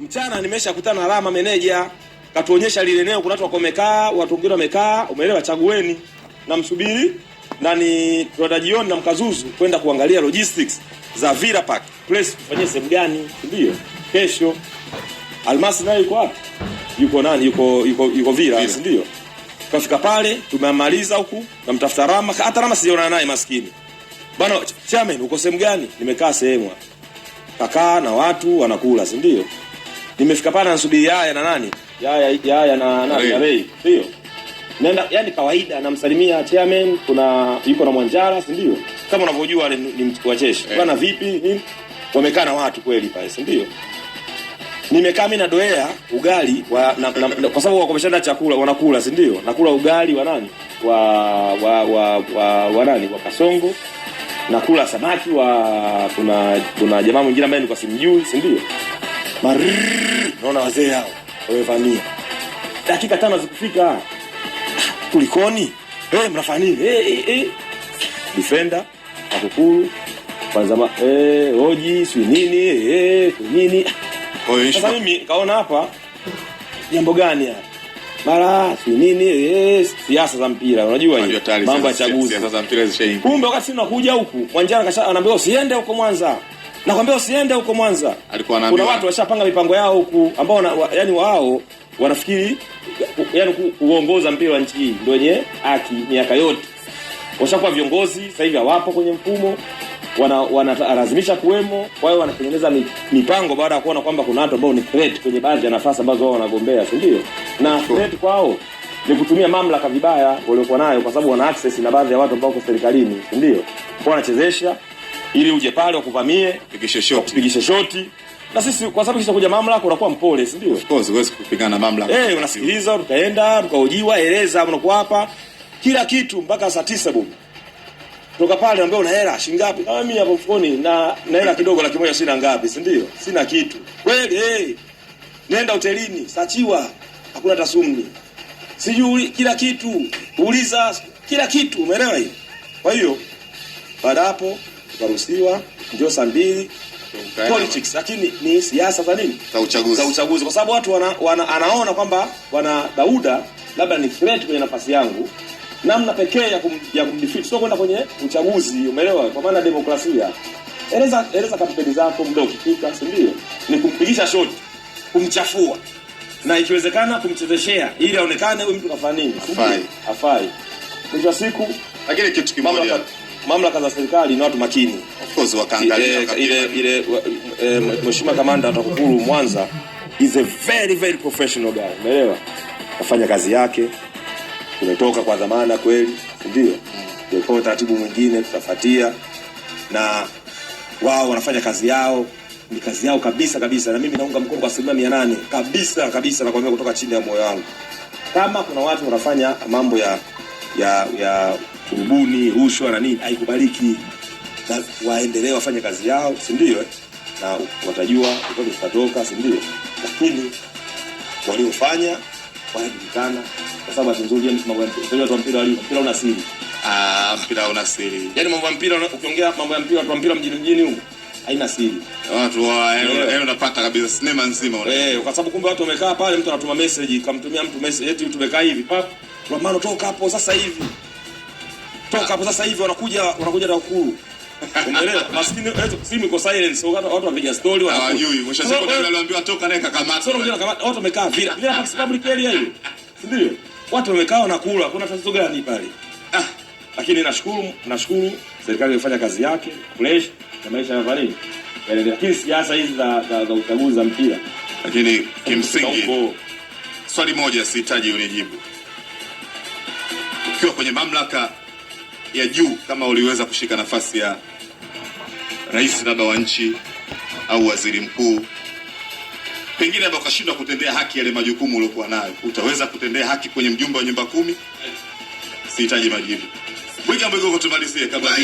Mchana nimeshakutana na Rama meneja, katuonyesha lile eneo, kuna watu wako wamekaa, watu wengine wamekaa, umeelewa? Chagueni na msubiri na ni tunaenda jioni na mkazuzu kwenda kuangalia logistics za Vira Park Place, tufanyie sehemu gani, ndio kesho. Almasi nayo yuko wapi? Yuko nani? Yuko yuko yuko Vira. ndio kafika pale, tumemaliza huku namtafuta Rama, hata Rama sijaona naye maskini bwana. Chairman, uko sehemu gani? Nimekaa sehemu hapa, kakaa na watu wanakula, si ndio? nimefika pale nasubiri Yaya na nani Yaya, Yaya na nani na bei sio nenda, yani kawaida, namsalimia chairman, kuna yuko na Mwanjara, si ndio? Kama unavyojua ni, ni wacheshi hey. Eh. Bwana vipi nini, wamekaa na watu kweli pale, si ndio? Nimekaa mimi na Doea ugali wa, na, na, na, kwa sababu wakomeshana chakula wanakula, si ndio? Nakula ugali wa nani wa wa wa, wa, wa nani wa Kasongo nakula samaki wa kuna kuna jamaa mwingine ambaye nilikuwa simjui, si ndio? naona wazee hao wamevamia. Dakika tano zikufika, kulikoni? Hey, eh, mnafanya nini? Hey, eh, eh, hey. hey. Defender akukuru kwanza ma eh, oji si nini eh, nini sasa. Mimi kaona hapa jambo gani hapa mara si nini eh, siasa za mpira, unajua hiyo mambo ya chaguzi, siasa za mpira zishaingia. Kumbe wakati unakuja huku Mwanjana, kasha anaambia usiende huko Mwanza. Nakwambia usiende huko Mwanza. Alikuwa anaambia kuna watu washapanga mipango yao huku ambao na, wa, yani wao wanafikiri yani kuongoza mpira wa nchi hii ndio wenye haki miaka yote. Washakuwa viongozi sasa hivi hawapo kwenye mfumo wana wanalazimisha kuwemo, kwa hiyo wanatengeneza mipango baada ya kuona kwamba kuna watu ambao ni threat kwenye baadhi ya nafasi ambazo wao wanagombea, si ndio? Na threat kwao ni kutumia mamlaka vibaya waliokuwa nayo, kwa sababu wana access na baadhi ya watu ambao wako serikalini, si ndio? Kwa wanachezesha ili uje pale wakuvamie, pigishe shoti, Na sisi kwa sababu kisha kuja mamlaka unakuwa mpole, si ndio? Of course huwezi kupigana na mamlaka. Eh, unasikiliza, tutaenda tukaojiwa, eleza mnakuwa hapa kila kitu mpaka saa tisa bubu. Toka pale ambao una hela shilingi ngapi? Kama ah, mimi hapo mfukoni na na hela kidogo laki moja sina ngapi, si ndio? Sina kitu. Kweli eh. Hey, Nenda hotelini, sachiwa. Hakuna tasumni. Sijui kila kitu, uliza kila kitu, umeelewa hiyo? Kwa hiyo baada hapo tukaruhusiwa ndio saa mbili politics lakini ni siasa za nini za uchaguzi, za uchaguzi, kwa sababu watu wana, wana, anaona kwamba bwana Dauda labda ni threat kwenye nafasi yangu. Namna pekee ya kum, ya kumdefeat sio kwenda kwenye uchaguzi, umeelewa? Kwa maana demokrasia, eleza eleza kampeni zako muda ukifika, si ndio? Ni kumpigisha shot kumchafua na ikiwezekana kumchezeshea ili aonekane huyu mtu kafanya nini, afai afai. Mwisho siku, lakini kitu kimoja mamlaka za serikali na watu makini, of course wakaangalia eh, ile ile. Eh, Mheshimiwa Kamanda wa TAKUKURU Mwanza is a very very professional guy, umeelewa? Afanya kazi yake, umetoka kwa dhamana kweli, ndio kwa utaratibu mwingine tutafuatia, na wao wanafanya kazi yao, ni kazi yao kabisa kabisa, na mimi naunga mkono kwa asilimia mia nane kabisa kabisa, na kuambia kutoka chini ya moyo wangu, kama kuna watu wanafanya mambo ya ya ya kurubuni, rushwa na nini haikubaliki. Waendelee wafanye kazi yao, si ndio? Eh? Na watajua utoke tutatoka, si ndio? Lakini waliofanya wanajulikana, kwa sababu hati nzuri mpira mpira una siri Ah, mpira una siri. Yaani mambo ya mpira ukiongea mambo ya mpira, watu wa mpira mjini mjini huko haina siri. Watu wa eh, yeye eh, unapata kabisa sinema nzima una. Eh, kwa sababu kumbe watu wamekaa pale, mtu anatuma message, kamtumia mtu message eti tumekaa hivi. Pap, Romano toka hapo sasa hivi toka hapo sasa hivi wanakuja wanakuja na ukuru Umeelewa? Maskini eh, simu iko silence, watu wanapiga story wana. Hawajui, umeshasema ndio aliambiwa toka naye kakamata. Sio unakuja kakamata, watu wamekaa vile. Vile hapa public area hiyo. Ndio. Watu wamekaa na kula kuna tatizo gani pale? Ah, lakini nashukuru, nashukuru serikali imefanya kazi yake, fresh na maisha ya Valini. kile siasa hizi za za uchaguzi za mpira. Lakini kimsingi swali moja sihitaji unijibu. Ukiwa kwenye mamlaka ya juu kama uliweza kushika nafasi ya rais labda wa nchi au waziri mkuu, pengine labda ukashindwa kutendea haki yale majukumu uliokuwa nayo, utaweza kutendea haki kwenye mjumbe wa nyumba kumi? Sihitaji majibu. Bwiga Mwigogo, tumalizie kabla